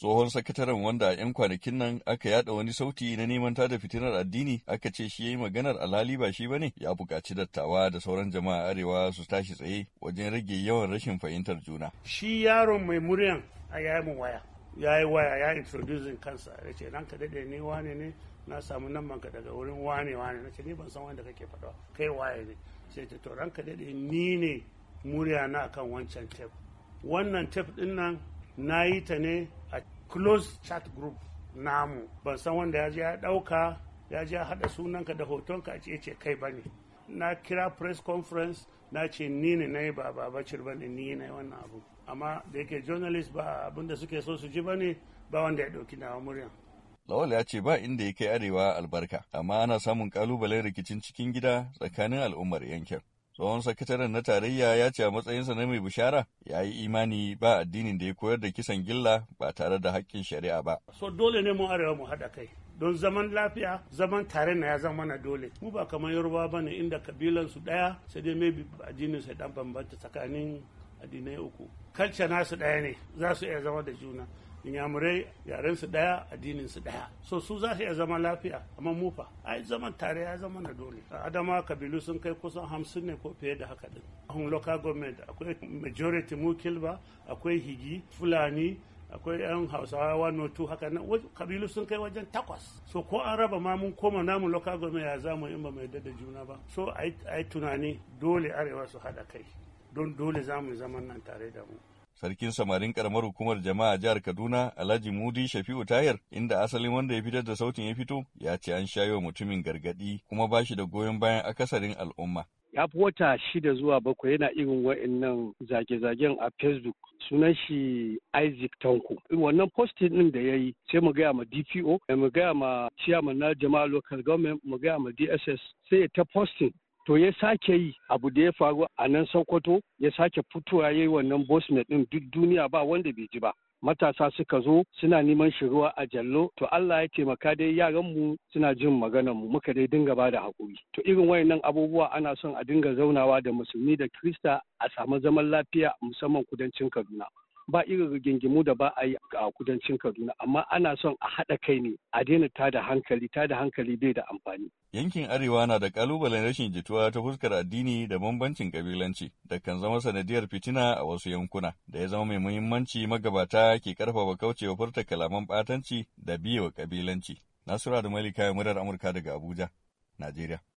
tsohon sakataren wanda a 'yan kwanakin nan aka yada wani sauti na neman tada fitinar addini aka ce shi yayi maganar alhali ba shi bane ya buƙaci dattawa da sauran jama'a arewa su tashi tsaye wajen rage yawan rashin fahimtar juna shi yaron mai muryan a yayi mu waya ya waya ya introducing kansa ya ce ranka dade ne wane ne na samu nan manka daga wurin wane wane na ce ni ban san wanda kake faɗa kai waye ne sai ta to ranka daɗe ni ne murya na akan wancan tef wannan tef din nan na yi ta ne a close chat group namu ban san wanda ya je ya ɗauka ya je ya haɗa sunanka da hotonka a ce ce kai ba ne na kira press conference na ce ni ne na yi ba ba ba ne ni ne wannan abu amma da yake journalist ba abin da suke so su ji ba ne ba wanda ya ɗauki nawa murya. Lawal ya ce ba inda ya kai arewa albarka, amma ana samun kalubalen rikicin cikin gida tsakanin al'ummar yankin. tsohon sakataren na tarayya ya ce a matsayinsa na mai bishara ya yi imani ba addinin da ya koyar da kisan gilla ba tare da haƙƙin shari'a ba. so dole ne mu arewa mu haɗa kai don zaman lafiya zaman tare na ya zama na dole mu ba kamar yoruba ba ne inda kabilan su ɗaya sai dai mai addinin sai dan bambanta tsakanin addinai uku Kalca nasu ɗaya ne za su iya zama da juna inyamurai yaren su daya addinin su daya so su za su iya zama lafiya amma mufa ai zaman tare ya zama na dole adama kabilu sun kai kusan hamsin ne ko fiye da haka din ahun local government akwai majority mu kilba akwai higi fulani akwai yan hausawa wano tu haka nan kabilu sun kai wajen takwas so ko an raba ma mun koma namu local government ya zamu in ba mai da juna ba so ai tunani dole arewa su haɗa kai don dole za mu zaman nan tare da mu sarkin samarin karamar hukumar jama'a jihar Kaduna Alhaji Mudi Shafi'u Tahir inda asalin wanda ya fitar da sautin ya fito ya ce an shayo mutumin gargadi kuma ba shi da goyon bayan akasarin al'umma. Ya fi wata shida zuwa bakwai yana irin wa'annan zage-zagen a Facebook sunan shi Isaac Tanko. Wannan posting din da ya yi sai mu gaya ma DPO, mu gaya ma chairman na jama'a local government, mu gaya ma DSS sai ta posting to ya sake yi abu da ya faru a nan sokoto ya sake fitowa ya yi wannan bosnia din duk duniya ba wanda bai ji ba matasa suka zo suna neman shiruwa a jallo to Allah ya taimaka dai yaranmu suna jin maganar mu muka dai dinga ba da haƙuri to irin wayannan abubuwa ana son a dinga zaunawa da musulmi da krista a samu zaman lafiya musamman kudancin kaduna ba irin rigingimu da ba a yi a kudancin Kaduna amma ana son a haɗa kai ne a daina ta da hankali ta da hankali bai da amfani. Yankin Arewa na da kalubalen rashin jituwa ta fuskar addini da bambancin kabilanci da kan zama sanadiyar fitina a wasu yankuna da ya zama mai muhimmanci magabata ke karfafa kaucewa furta kalaman batanci da biyewa kabilanci. Nasiru da Malika murar Amurka daga Abuja, Najeriya.